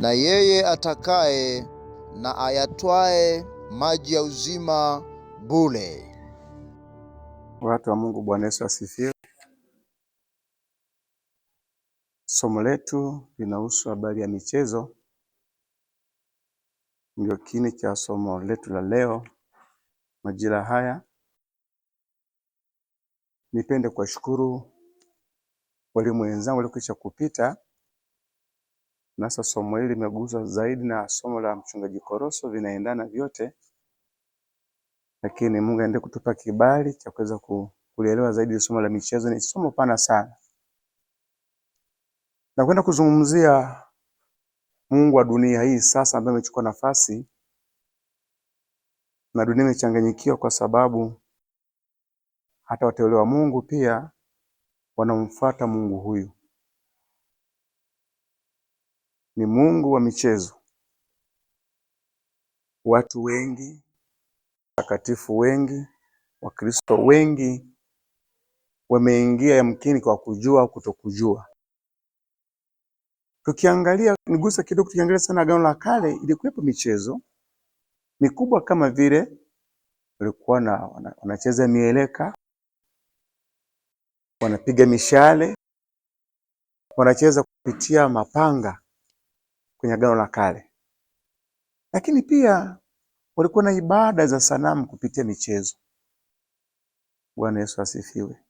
na yeye atakaye na ayatwae maji ya uzima bule Watu wa Mungu, Bwana Yesu asifiwe. Somo letu linahusu habari ya michezo, ndio kiini cha somo letu la leo majira haya. Nipende kuwashukuru walimu wenzangu waliokwisha kupita Nasa somo hili limegusa zaidi na somo la mchungaji Koroso, vinaendana vyote, lakini Mungu aende kutupa kibali cha kuweza kulielewa zaidi. Somo la michezo ni somo pana sana. Nakwenda kuzungumzia Mungu wa dunia hii sasa, ambaye amechukua nafasi na dunia imechanganyikiwa, kwa sababu hata wateule wa Mungu pia wanamfuata Mungu huyu. Ni Mungu wa michezo. Watu wengi, watakatifu wengi, Wakristo wengi wameingia yamkini kwa kujua, au kutokujua. Tukiangalia nigusa kidogo, tukiangalia sana Agano la Kale, ilikuwepo michezo mikubwa kama vile walikuwa na wanacheza mieleka, wanapiga mishale, wanacheza kupitia mapanga kwenye Agano la Kale, lakini pia walikuwa na ibada za sanamu kupitia michezo. Bwana Yesu asifiwe.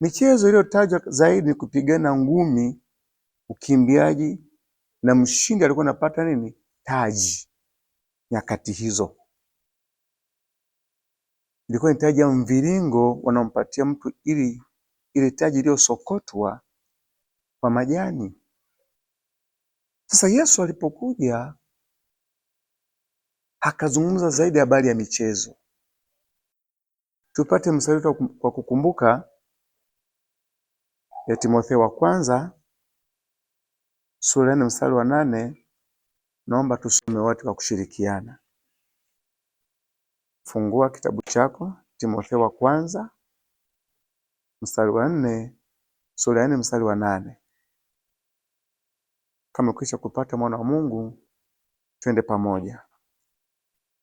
Michezo iliyotajwa zaidi ni kupigana ngumi, ukimbiaji, na mshindi alikuwa anapata nini? Taji. Nyakati hizo ilikuwa ni taji ya mviringo, wanampatia mtu ili ile taji iliyosokotwa kwa majani sasa Yesu alipokuja akazungumza zaidi habari ya michezo, tupate msari kwa kukumbuka ya Timotheo wa kwanza sura ya mstari wa nane. Naomba tusome wote kwa kushirikiana. Fungua kitabu chako, Timotheo wa kwanza mstari wa nne, sura ya nne mstari wa nane kama ukisha kupata mwana wa Mungu, twende pamoja,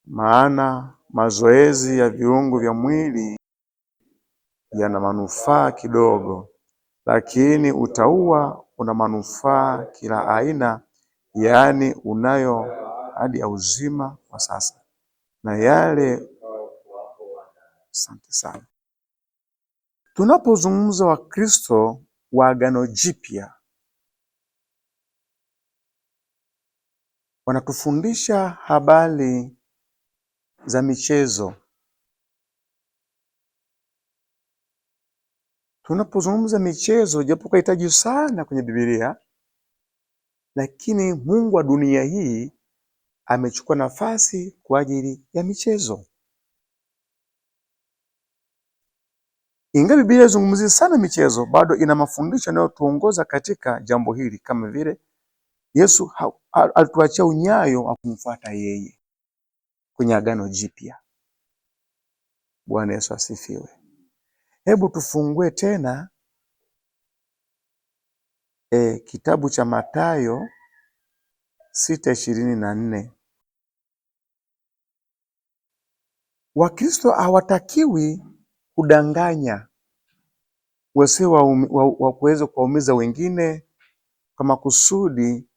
maana mazoezi ya viungo vya mwili yana manufaa kidogo, lakini utaua una manufaa kila aina, yaani unayo hadi ya uzima kwa sasa na yale. Asante sana. Tunapozungumza Wakristo wa Agano Jipya wanatufundisha habari za michezo. Tunapozungumza michezo, japo kahitaji sana kwenye Biblia, lakini Mungu wa dunia hii amechukua nafasi kwa ajili ya michezo. Ingawa Biblia haizungumzii sana michezo, bado ina mafundisho yanayotuongoza katika jambo hili, kama vile Yesu alituachia unyayo wa kumfuata yeye kwenye Agano Jipya. Bwana Yesu asifiwe. Hebu tufungue tena e, kitabu cha Mathayo sita ishirini na nne. Wakristo hawatakiwi kudanganya wasio wa, wa, wa kuweza kuwaumiza wengine kwa makusudi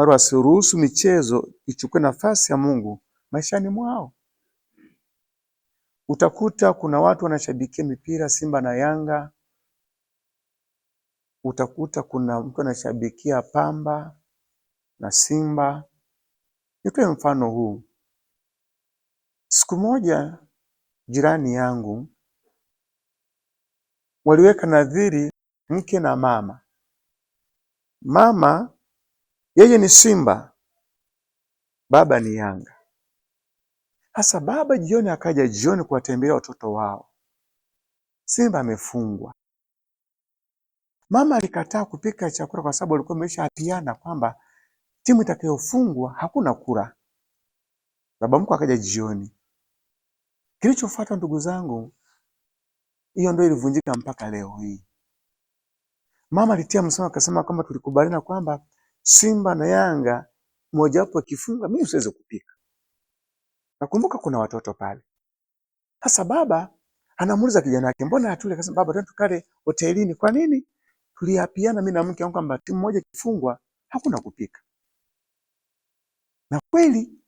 wale wasiruhusu michezo ichukue nafasi ya Mungu maishani mwao. Utakuta kuna watu wanashabikia mipira Simba na Yanga, utakuta kuna mtu anashabikia Pamba na Simba. Nitoe mfano huu. Siku moja jirani yangu waliweka nadhiri mke na mama. Mama yeye ni Simba, baba ni Yanga. Sasa baba jioni akaja jioni kuwatembelea watoto wao, Simba amefungwa. Mama alikataa kupika chakula kwa sababu alikuwa amesha apiana kwamba timu itakayofungwa hakuna kura. Baba mko akaja jioni. Kilichofuata ndugu zangu, hiyo ndio ilivunjika mpaka leo hii. Mama alitia msemo akasema kwamba tulikubaliana kwamba Simba na Yanga mojawapo akifunga mimi siwezi kupika. Nakumbuka kuna watoto pale. Sasa baba anamuuliza kijana wake, mbona hatule? Akasema baba, twende tukale hotelini. Kwa nini? Tuliapiana mimi na mke wangu kwamba timu moja ikifungwa hakuna kupika. Na kweli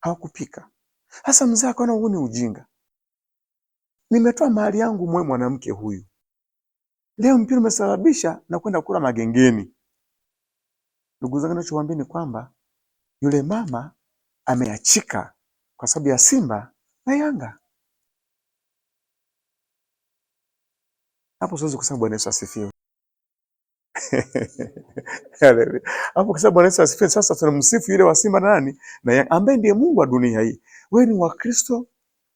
hawakupika. Sasa mzee akaona huu ni ujinga. Nimetoa mali yangu mwe mwanamke huyu. Leo mpira umesababisha na kwenda kula magengeni. Ndugu zangu, nachowaambia ni kwamba yule mama ameachika kwa sababu ya Simba na Yanga. Hapo siwezi kusema Bwana Yesu asifiwe. Haleluya. Hapo kusema Bwana Yesu asifiwe. Sasa tunamsifu yule wa Simba nani na Yanga ambaye ndiye Mungu wa dunia hii. Wewe ni Wakristo,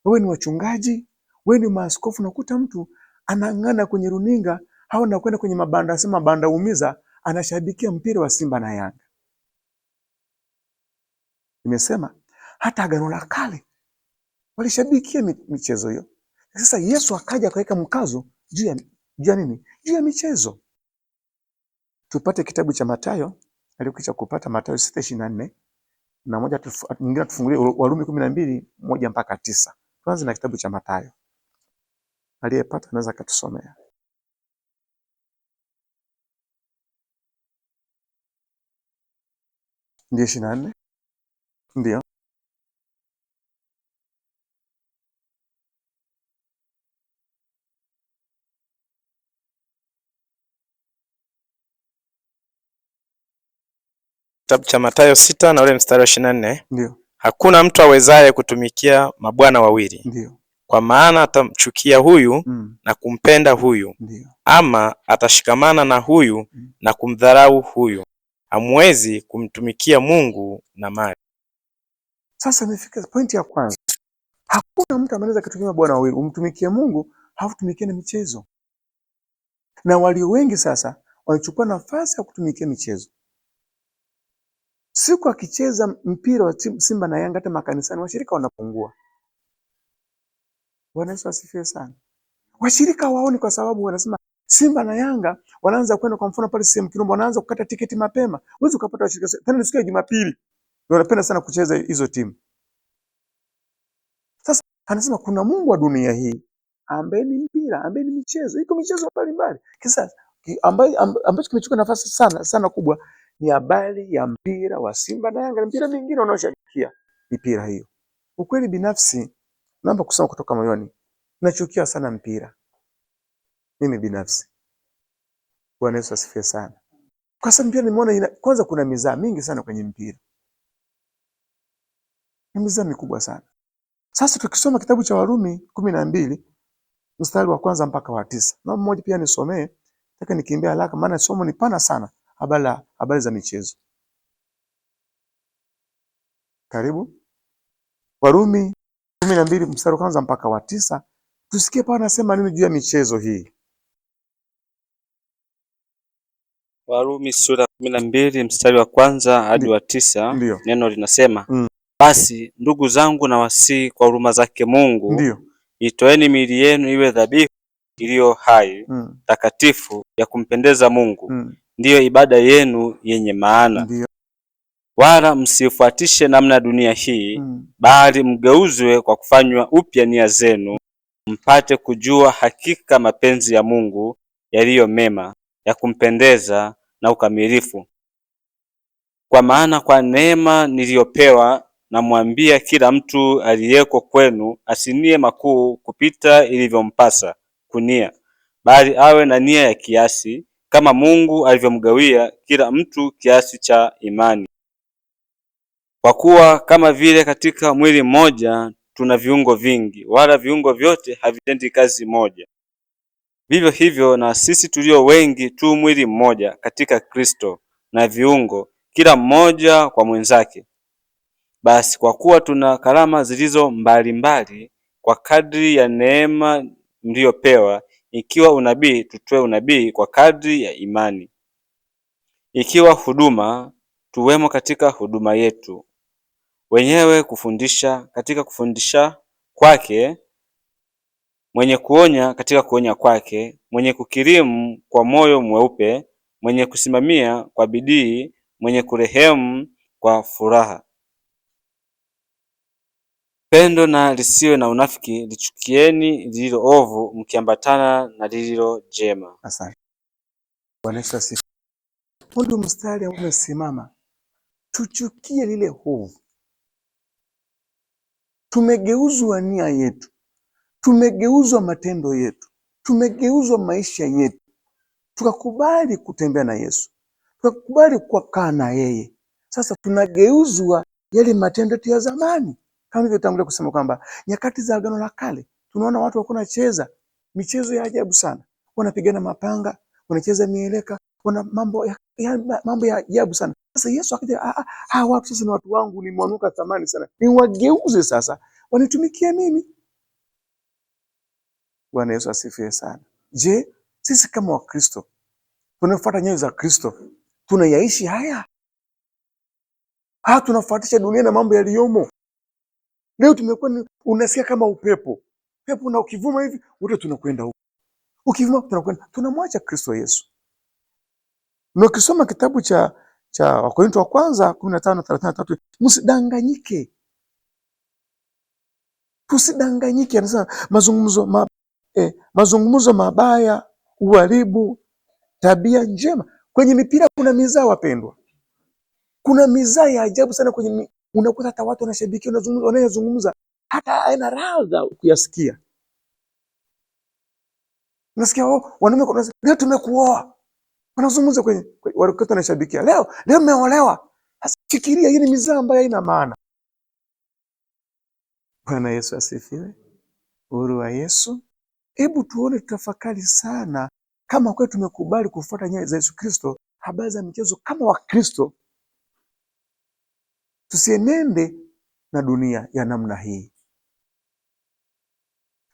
wewe ni wachungaji, wewe ni maaskofu. Nakuta mtu anang'ana kwenye runinga au nakwenda kwenye mabanda, asema mabanda umiza anashabikia mpira wa Simba na Yanga. Nimesema hata Agano la Kale walishabikia michezo hiyo. Sasa Yesu akaja akaweka mkazo juu ya juu ya nini? Juu ya michezo. Tupate kitabu cha Mathayo, alikwisha kupata Mathayo 6:24 na moja nyingine tufungulie Warumi 12 moja mpaka tisa. Tuanze na kitabu cha Mathayo. Aliyepata anaweza akatusomea. Ndio ishirini na nne ndio kitabu cha Mathayo sita na ule mstari wa ishirini na nne ndio hakuna mtu awezaye kutumikia mabwana wawili ndio kwa maana atamchukia huyu mm. na kumpenda huyu ndio. ama atashikamana na huyu mm. na kumdharau huyu hamwezi kumtumikia Mungu na mali. Sasa nifika pointi ya kwanza, hakuna mtu anaweza kutumia bwana wawili, umtumikie Mungu au tumikie na michezo. Na walio wengi sasa walichukua nafasi ya kutumikia michezo. Siku akicheza mpira wa Simba na Yanga, hata makanisani washirika wanapungua. Bwana Yesu asifiwe sana. Washirika waoni, kwa sababu wanasema Simba na Yanga wanaanza kwenda kwa mfano pale sehemu Kirumba, wanaanza kukata tiketi mapema, huwezi ukapata washirika tena. siku ya Jumapili ndio wanapenda sana kucheza hizo timu. Sasa anasema kuna Mungu wa dunia hii ambaye ni mpira, ambaye ni michezo, iko michezo mbalimbali Kisa ambaye ambacho kimechukua nafasi sana sana kubwa ni habari ya mpira wa Simba na Yanga, mpira mingine wanaoshabikia mipira hiyo. Ukweli binafsi, naomba kusema kutoka moyoni, nachukia sana mpira mimi binafsi. Bwana Yesu asifiwe sana. Kwa sababu pia nimeona ina, kwanza kuna mizaa mingi sana kwenye mpira, ni mizaa mikubwa sana. Sasa tukisoma kitabu cha Warumi kumi na mbili mstari wa kwanza mpaka wa tisa na mmoja pia nisomee, nataka nikimbia haraka, maana somo ni pana sana, habari habari za michezo. Karibu Warumi kumi na mbili mstari wa kwanza mpaka wa tisa, tusikie Paulo anasema nini juu ya michezo hii. Warumi sura kumi na mbili mstari wa kwanza hadi wa tisa Ndiyo. Neno linasema mm. Basi ndugu zangu, na wasii kwa huruma zake Mungu Ndiyo. itoeni miili yenu iwe dhabihu iliyo hai mm. takatifu ya kumpendeza Mungu mm. ndiyo ibada yenu yenye maana Ndiyo. Wala msifuatishe namna ya dunia hii mm. bali mgeuzwe kwa kufanywa upya nia zenu, mpate kujua hakika mapenzi ya Mungu yaliyo mema ya kumpendeza na ukamilifu. Kwa maana kwa neema niliyopewa namwambia kila mtu aliyeko kwenu asinie makuu kupita ilivyompasa kunia, bali awe na nia ya kiasi, kama Mungu alivyomgawia kila mtu kiasi cha imani. Kwa kuwa kama vile katika mwili mmoja tuna viungo vingi, wala viungo vyote havitendi kazi moja. Vivyo hivyo na sisi tulio wengi tu mwili mmoja katika Kristo, na viungo kila mmoja kwa mwenzake. Basi kwa kuwa tuna karama zilizo mbalimbali kwa kadri ya neema mliyopewa, ikiwa unabii, tutoe unabii kwa kadri ya imani; ikiwa huduma, tuwemo katika huduma yetu wenyewe; kufundisha, katika kufundisha kwake mwenye kuonya katika kuonya kwake, mwenye kukirimu kwa moyo mweupe, mwenye kusimamia kwa bidii, mwenye kurehemu kwa furaha. Pendo na lisiwe na unafiki, lichukieni lililo ovu, mkiambatana na lililo jema. Asante. mstari umesimama, tuchukie lile ovu. Tumegeuzwa nia yetu tumegeuzwa matendo yetu, tumegeuzwa maisha yetu, tukakubali kutembea na Yesu, tukakubali kukaa na yeye. Sasa tunageuzwa yale matendo yetu ya zamani, kama nilivyotangulia kusema kwamba nyakati za Agano la Kale tunaona watu walikuwa wanacheza michezo ya ajabu sana, wanapigana mapanga, wanacheza mieleka, wana mambo ya, ya, mambo ya ajabu sana. Sasa Yesu akaja, hawa ah, ah, ah, watu sasa ni watu wangu, nimewanuka thamani sana, niwageuze sasa wanitumikia mimi. Bwana Yesu asifiwe sana. Je, sisi kama Wakristo tunafuata nyayo za Kristo? Tunayaishi haya ha? Tunafuatisha dunia na mambo yaliyomo leo? Tumekuwa unasikia kama upepo pepo, na ukivuma hivi wote tunakwenda huko, ukivuma tunakwenda, tunamwacha Kristo Yesu. Na ukisoma kitabu cha cha Wakorintho wa kwanza kumi na tano thelathini na tatu msidanganyike, tusidanganyike. Anasema mazungumzo eh, mazungumzo mabaya uharibu tabia njema. Kwenye mipira kuna mizaa, wapendwa, kuna mizaa ya ajabu sana kwenye mi... unakuta hata watu wanashabikia wanayozungumza, hata aina radha ukuyasikia, nasikia oh, wanaume kwa leo tumekuoa, wanazungumza kwenye watu wanashabikia leo, leo mmeolewa. Fikiria, hii ni mizaa ambayo haina maana. Bwana Yesu asifiwe. Uhuru wa Yesu. Hebu tuone, tutafakari sana kama kweli tumekubali kufuata nyayo za Yesu Kristo, habari za michezo kama Wakristo, tusienende na dunia ya namna hii,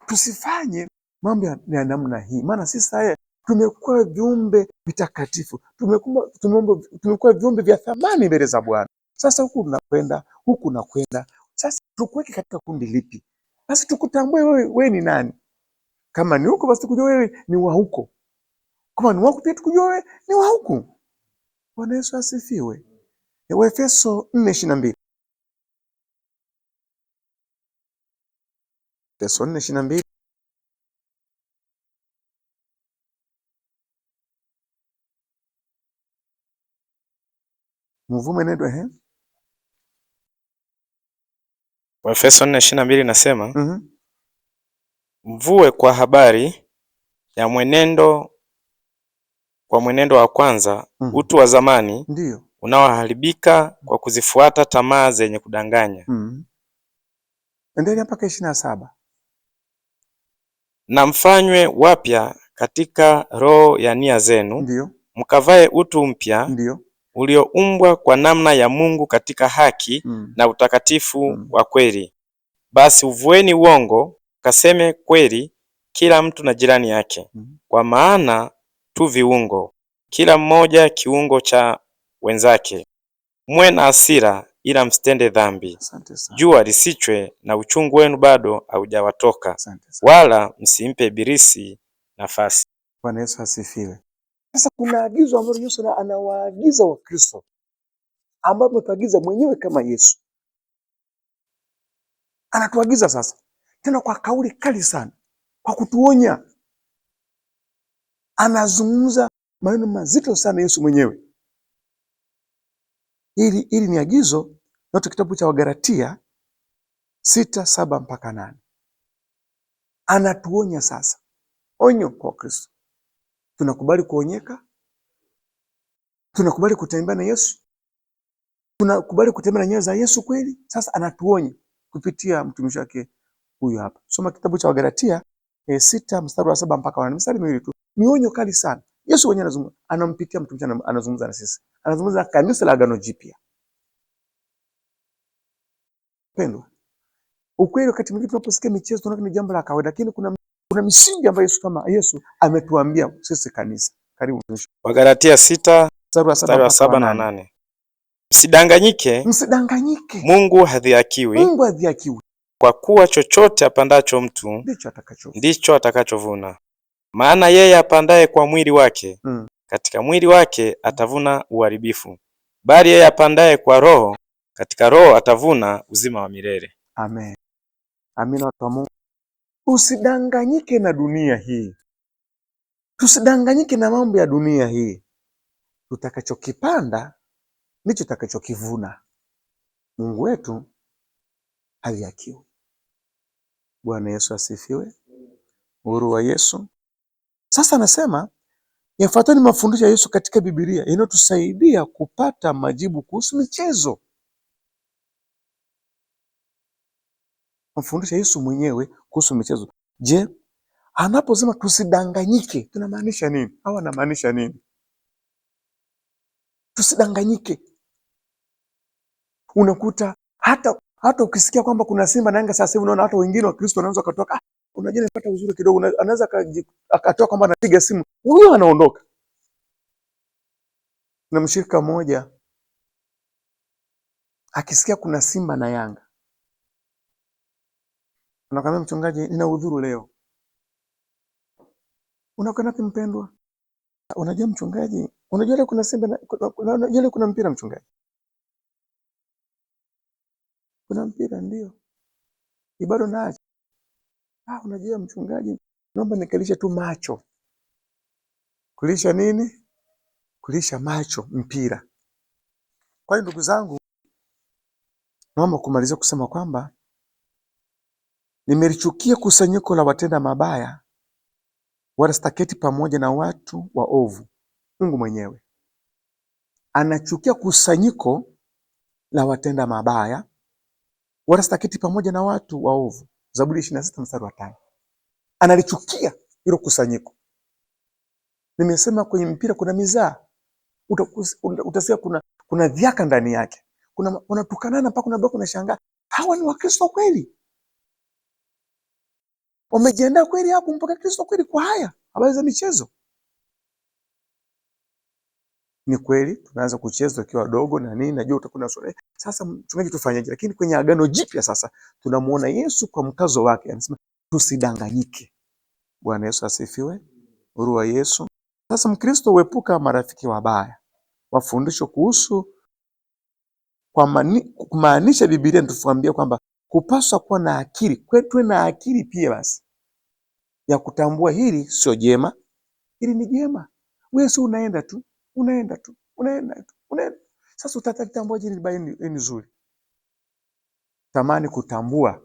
tusifanye mambo ya namna hii, maana sisi haya tumekuwa viumbe vitakatifu, tumekuwa viumbe vya thamani mbele za Bwana. Sasa huku unakwenda, huku unakwenda, sasa tukuweke katika kundi lipi? Basi tukutambue wewe, wewe ni nani? Kama ni huko basi tukujue wewe ni wa huko, kama ni wako pia tukujue wewe ni wa huko. Bwana Yesu asifiwe. Waefeso 4:22 Efeso 4:22 Muvume nendwa he? Waefeso 4:22 nasema mm -hmm. Mvue kwa habari ya mwenendo kwa mwenendo wa kwanza mm. utu wa zamani ndio unaoharibika kwa kuzifuata tamaa zenye kudanganya mm. Mm-hmm. endelea mpaka ishirini na saba na mfanywe wapya katika roho ya nia zenu ndio mkavae utu mpya ndio ulioumbwa kwa namna ya Mungu katika haki mm. na utakatifu mm. wa kweli. Basi uvueni uongo Kaseme kweli kila mtu na jirani yake, mhm. kwa maana tu viungo, kila mmoja kiungo cha wenzake. Mwe na hasira, ila msitende dhambi. Jua lisichwe, na uchungu wenu bado haujawatoka, wala msimpe Ibilisi nafasi. Bwana Yesu asifiwe. Sasa kuna agizo ambalo Yesu anawaagiza Wakristo ambapo tuagiza mwenyewe kama Yesu anatuagiza sasa tena kwa kauli kali sana, kwa kutuonya. Anazungumza maneno mazito sana Yesu mwenyewe. Hili hili ni agizo nato kitabu cha Wagalatia sita saba mpaka nane. Anatuonya sasa, onyo kwa Kristo. Tunakubali kuonyeka? Tunakubali kutembea na Yesu? Tunakubali kutembea na nyayo za Yesu kweli? Sasa anatuonya kupitia mtumishi wake huyu hapa. Soma kitabu cha Wagalatia e, sita mstari wa saba mpaka wanane, mstari miwili tu. Mionyo kali sana. Yesu mwenyewe anazungumza, anampitia mtu mchana anazungumza na sisi, anazungumza na kanisa la Agano Jipya. Pendwa, ukweli, wakati mwingine tunaposikia michezo tunaona ni jambo la kawaida, lakini kuna kuna misingi ambayo Yesu kama Yesu ametuambia sisi kanisa. Karibu mwisho. Wagalatia sita mstari wa saba na nane. Msidanganyike, msidanganyike, Mungu hadhiakiwi. Mungu hadhiakiwi. Kwa kuwa chochote apandacho mtu ndicho atakachovuna, ndicho atakachovuna. Maana yeye apandaye kwa mwili wake mm. katika mwili wake atavuna uharibifu, bali yeye apandaye kwa Roho katika Roho atavuna uzima wa milele. Amen. Amina watu wa Mungu, usidanganyike na dunia hii, tusidanganyike na mambo ya dunia hii. Tutakachokipanda ndicho tutakachokivuna. Mungu wetu hali Bwana Yesu asifiwe. Uhuru wa Yesu. Sasa anasema yafuatani mafundisho ya Yesu katika Biblia inayotusaidia kupata majibu kuhusu michezo. Mafundisho ya Yesu mwenyewe kuhusu michezo. Je, anaposema tusidanganyike, tunamaanisha nini? Au anamaanisha nini? Tusidanganyike. Unakuta hata hata ukisikia kwamba kuna Simba na Yanga sasa hivi, unaona hata wengine wa Kristo wanaanza kutoka, ah, unajua nipata uzuri kidogo, anaweza akatoa kwamba anapiga simu, huyo anaondoka. Na mshirika mmoja akisikia kuna Simba na Yanga anakwambia mchungaji, nina udhuru leo. Unakwenda mpendwa, unajua mchungaji, unajua leo kuna Simba na unajua leo kuna mpira mchungaji kuna mpira ndio ni bado nacho. Ah, unajua mchungaji, naomba nikalisha tu macho. Kulisha nini? Kulisha macho mpira. Kwa hiyo ndugu zangu, naomba kumaliza kusema kwamba nimelichukia kusanyiko la watenda mabaya, wala staketi pamoja na watu waovu. Mungu mwenyewe anachukia kusanyiko la watenda mabaya wala sitaketi pamoja na watu waovu. Zaburi ishirini na sita mstari wa tano. Analichukia hilo kusanyiko. Nimesema kwenye mpira kuna mizaa, utasikia kuna kuna vyaka ndani yake, kuna unatukanana mpaka unabaki unashangaa, hawa ni Wakristo kweli? Wamejiandaa kweli hapo mpaka Kristo kweli kwa haya habari za michezo? Ni kweli tunaanza kucheza tukiwa dogo na nini, najua utakuwa na swali eh, sasa, mchungaji, tufanyaje? Lakini kwenye agano jipya sasa tunamuona Yesu kwa mkazo wake, anasema tusidanganyike. Bwana Yesu asifiwe, wa Yesu. Sasa Mkristo uepuka marafiki wabaya. wafundisho kuhusu kwa kumaanisha Biblia natuambia kwamba kupaswa kuwa na akili kwetu na akili pia basi ya kutambua hili sio jema, hili ni jema. Wewe si unaenda tu unaenda tu unaenda tu unaenda. Sasa utatakitambuaje ili baini ni nzuri? Tamani kutambua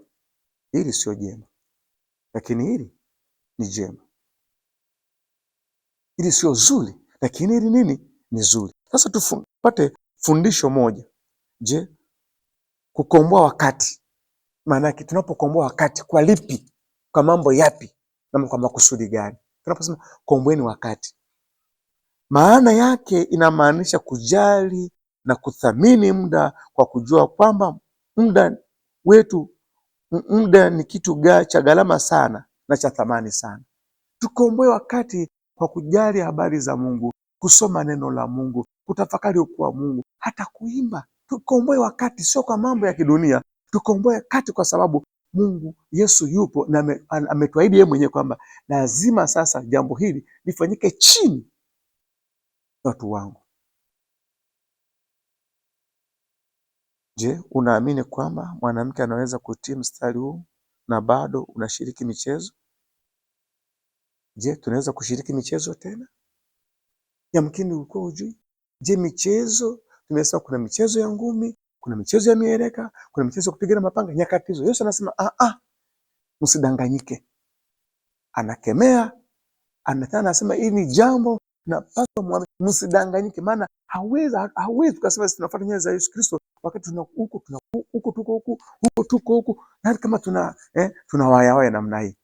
hili sio jema, lakini hili ni jema, hili sio zuri, lakini hili nini ni zuri. Sasa tupate fundisho moja. Je, kukomboa wakati maana yake, tunapokomboa wakati kwa lipi? Kwa mambo yapi? Na kwa makusudi gani? Tunaposema komboeni wakati maana yake inamaanisha kujali na kuthamini muda kwa kujua kwamba muda wetu, muda ni kitu ga- cha gharama sana na cha thamani sana. Tukomboe wakati kwa kujali habari za Mungu, kusoma neno la Mungu, kutafakari ukuu wa Mungu, hata kuimba. Tukomboe wakati, sio kwa mambo ya kidunia. Tukomboe wakati kwa sababu Mungu Yesu yupo na ametuahidi yeye mwenyewe kwamba lazima sasa jambo hili lifanyike chini watu wangu. Je, unaamini kwamba mwanamke anaweza kutii mstari huu na bado unashiriki michezo? Je, tunaweza kushiriki michezo tena? Yamkini ulikuwa ujui. Je, michezo tumesema kuna michezo ya ngumi, kuna michezo ya miereka kuna michezo ya kupigana mapanga nyakati hizo. Yesu anasema ah, ah, msidanganyike. Anakemea, anatana, anasema hii ni jambo napaswa mwamini, msidanganyike, maana hawezi hawezi tukasema tunafuata nyayo za Yesu Kristo wakati tuna huko tuna huko tuko huko huko tuko huko, na yaani kama tuna eh, tuna waya waya namna hii.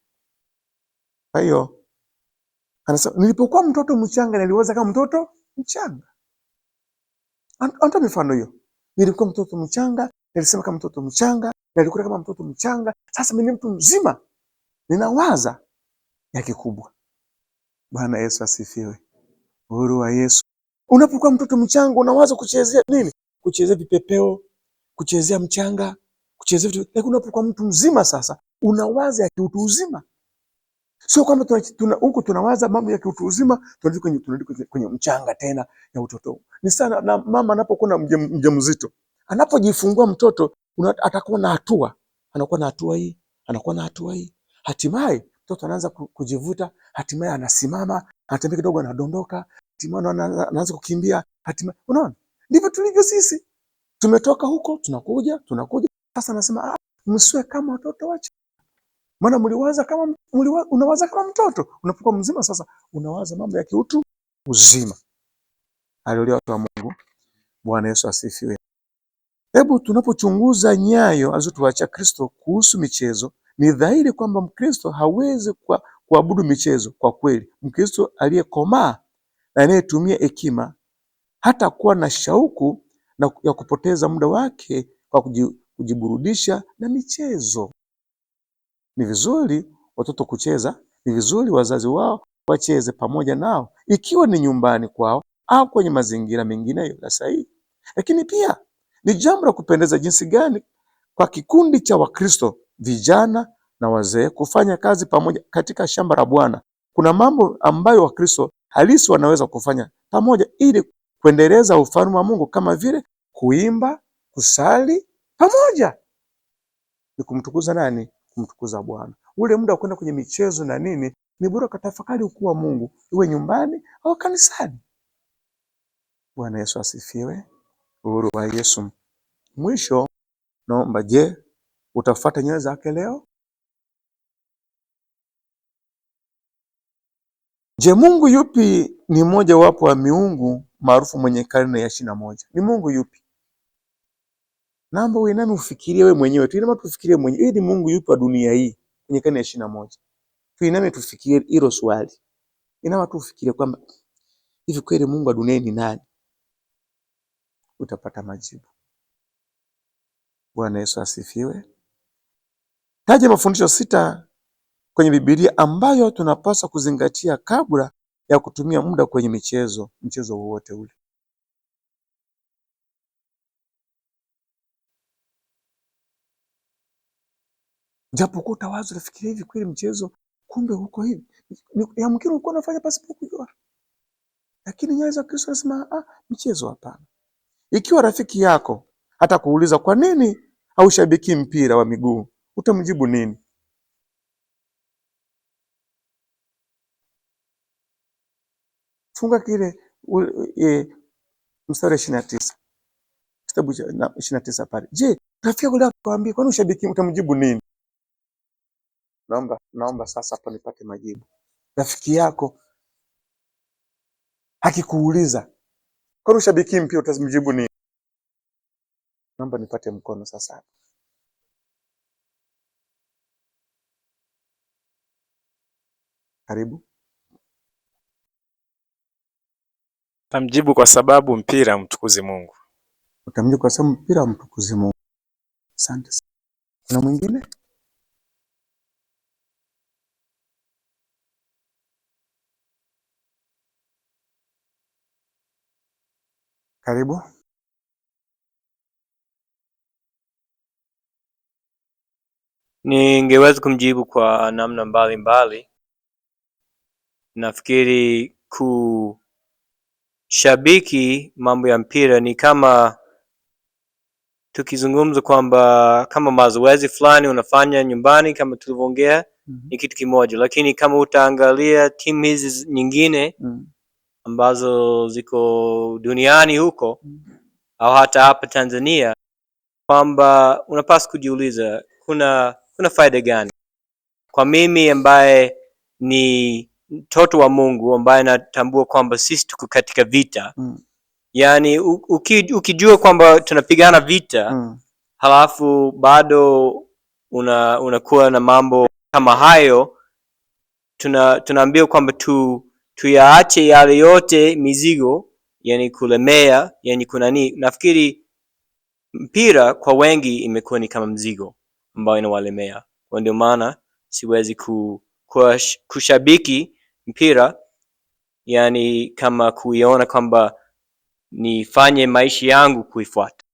Kwa hiyo anasema nilipokuwa mtoto mchanga niliweza kama mtoto mchanga. Anta mifano hiyo, nilikuwa mtoto mchanga, nilisema kama mtoto mchanga, nilikula kama mtoto mchanga. Sasa mimi ni mtu mzima ninawaza ya kikubwa. Bwana Yesu asifiwe. Uhuru wa Yesu. Unapokuwa mtoto mchanga unawaza kuchezea nini? Kuchezea vipepeo, kuchezea mchanga, kuchezea vitu. Lakini unapokuwa mtu mzima sasa unawaza ya kiutu uzima. Sio kwamba tuna tuna, huku tunawaza mambo ya kiutu uzima, tunarudi kwenye tunarudi kwenye, kwenye mchanga tena ya utoto. Ni sana na mama anapokuwa na mjamzito. Anapojifungua mtoto atakuwa na hatua, anakuwa na hatua hii, anakuwa na hatua hii. Hatimaye mtoto anaanza kujivuta, hatimaye anasimama, anatembea kidogo, anadondoka, hatimaye anaanza kukimbia, hatimaye. Unaona, ndivyo tulivyo sisi, tumetoka huko, tunakuja tunakuja. Sasa anasema ah, msiwe kama watoto wacha, maana mliwaza kama mliwaza, unawaza kama mtoto. Unapokuwa mzima sasa unawaza mambo ya kiutu uzima. Haleluya, watu wa Mungu, Bwana Yesu asifiwe. Hebu tunapochunguza nyayo alizotuacha Kristo kuhusu michezo ni dhahiri kwamba Mkristo hawezi kuabudu michezo. Kwa kweli, Mkristo aliyekomaa na anayetumia hekima hata kuwa na shauku na ya kupoteza muda wake kwa kujiburudisha na michezo. Ni vizuri watoto kucheza, ni vizuri wazazi wao wacheze pamoja nao, ikiwa ni nyumbani kwao au kwenye mazingira mengineyo ya sahihi. Lakini pia ni jambo la kupendeza jinsi gani kwa kikundi cha Wakristo vijana na wazee kufanya kazi pamoja katika shamba la Bwana. Kuna mambo ambayo Wakristo halisi wanaweza kufanya pamoja ili kuendeleza ufalme wa Mungu kama vile kuimba, kusali pamoja. Ni kumtukuza nani? Kumtukuza Bwana. Ule muda wa kwenda kwenye michezo na nini, ni bora katafakari ukuu wa Mungu, iwe nyumbani au kanisani. Bwana Yesu asifiwe. Uhuru wa Yesu. Mwisho naomba je, Utafuata nyayo zake leo? Je, Mungu yupi ni mmoja wapo wa miungu maarufu mwenye karne ya ishirini na moja? Ni Mungu yupi? Naomba uiname ufikirie wewe mwenyewe. tu, Tuiname tufikirie mwenyewe. Hii ni Mungu yupi wa dunia hii kwenye karne ya ishirini na moja? Tuiname tufikirie hilo swali. Inama tu ufikirie kwamba hivi kweli Mungu wa dunia ni nani? Utapata majibu. Bwana Yesu asifiwe. Taja mafundisho sita kwenye Biblia ambayo tunapaswa kuzingatia kabla ya kutumia muda kwenye michezo, mchezo wowote ule. Japokuwa utawaza unafikiria hivi kweli mchezo, kumbe huko hivi yamkini ulikuwa unafanya pasipo kujua, lakini nyayo za Kristo anasema ah, mchezo hapana. Ikiwa rafiki yako hata kuuliza kwa nini haushabiki mpira wa miguu Utamjibu nini? Funga kile e, mstari ishirini na tisa kitabu cha ishirini na tisa pale. Je, rafiki yako akwambia, kwani ushabiki, utamjibu nini? Naomba, naomba sasa hapo nipate majibu. Rafiki yako akikuuliza kwani ushabiki mpya, utamjibu nini? Naomba nipate mkono sasa Karibu. Utamjibu kwa sababu mpira mtukuzi Mungu. Utamjibu kwa sababu mpira mtukuzi Mungu. Asante sana. Kuna mwingine? Karibu. Ningeweza kumjibu kwa namna mbalimbali Nafikiri kushabiki mambo ya mpira ni kama tukizungumza kwamba kama mazoezi fulani unafanya nyumbani kama tulivyoongea mm -hmm. ni kitu kimoja, lakini kama utaangalia timu hizi nyingine mm. ambazo ziko duniani huko mm. au hata hapa Tanzania kwamba unapaswa kujiuliza kuna kuna faida gani kwa mimi ambaye ni mtoto wa Mungu ambaye anatambua kwamba sisi tuko katika vita mm. Yaani uki, ukijua kwamba tunapigana vita mm. Halafu bado una unakuwa na mambo kama hayo, tuna tunaambiwa kwamba tu tuyaache yale yote mizigo, yani kulemea, yani kuna nini, nafikiri mpira kwa wengi imekuwa ni kama mzigo ambayo inawalemea, kwa ndio maana siwezi ku, kushabiki mpira yani kama kuiona kwamba nifanye maisha yangu kuifuata.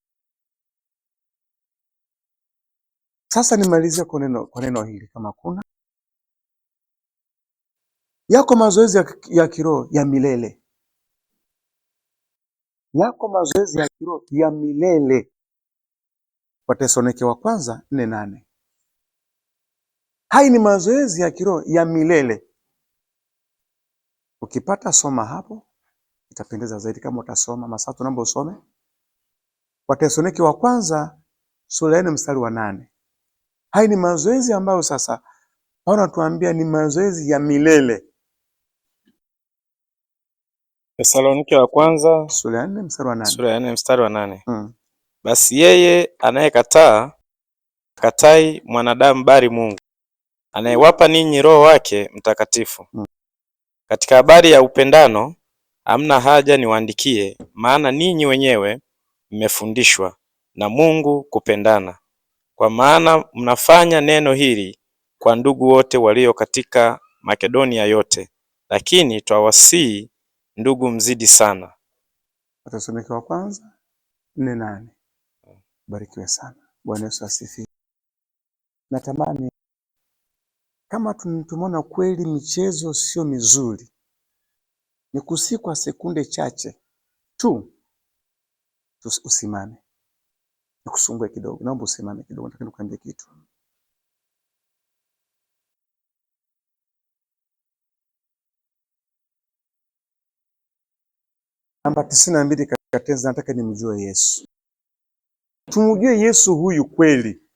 Sasa nimalizia kwa neno kwa neno hili kama kuna yako mazoezi ya, ya kiroho ya milele, yako mazoezi ya kiroho ya milele. Wathesalonike wa kwanza nne nane. Hai ni mazoezi ya kiroho ya milele. Ukipata soma hapo itapendeza zaidi kama utasoma Masatu, naomba usome Wathesalonike wa kwanza sura ya nne mstari wa nane. hai ni mazoezi ambayo sasa Paulo anatuambia ni mazoezi ya milele. Thesalonike wa kwanza sura ya nne mstari wa nane. Sura ya nne mstari wa nane. Mm. Basi yeye anayekataa katai mwanadamu bali Mungu anayewapa ninyi Roho wake Mtakatifu. Mm. Katika habari ya upendano, hamna haja niwaandikie, maana ninyi wenyewe mmefundishwa na Mungu kupendana, kwa maana mnafanya neno hili kwa ndugu wote walio katika Makedonia yote. Lakini twawasii ndugu, mzidi sana. Wathesalonike wa kwanza nne nane. Barikiwe sana. Bwana Yesu asifiwe. Natamani kama tumeona kweli michezo sio mizuri, ni kusii kwa sekunde chache tu usimame. Nikusumbue kidogo, naomba usimame kidogo, nataka nikuambie kitu. Namba tisini na mbili katika tenzi, nataka nimjue Yesu, tumjue Yesu huyu kweli.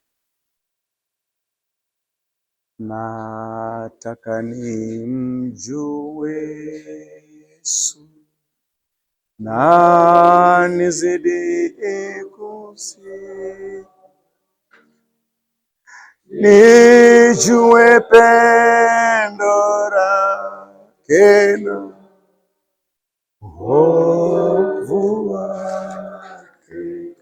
Nataka nimjue Yesu na nizidi kusihi, nijue pendo lake na wokovu wake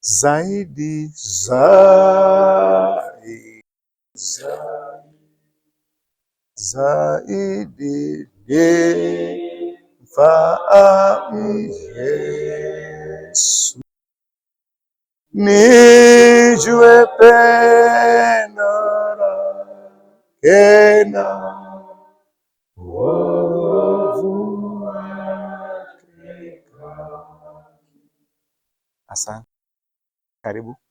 zaidi zaidi zaidi faami Yesu, nijue pena kena Ovo. wake. Asante, karibu.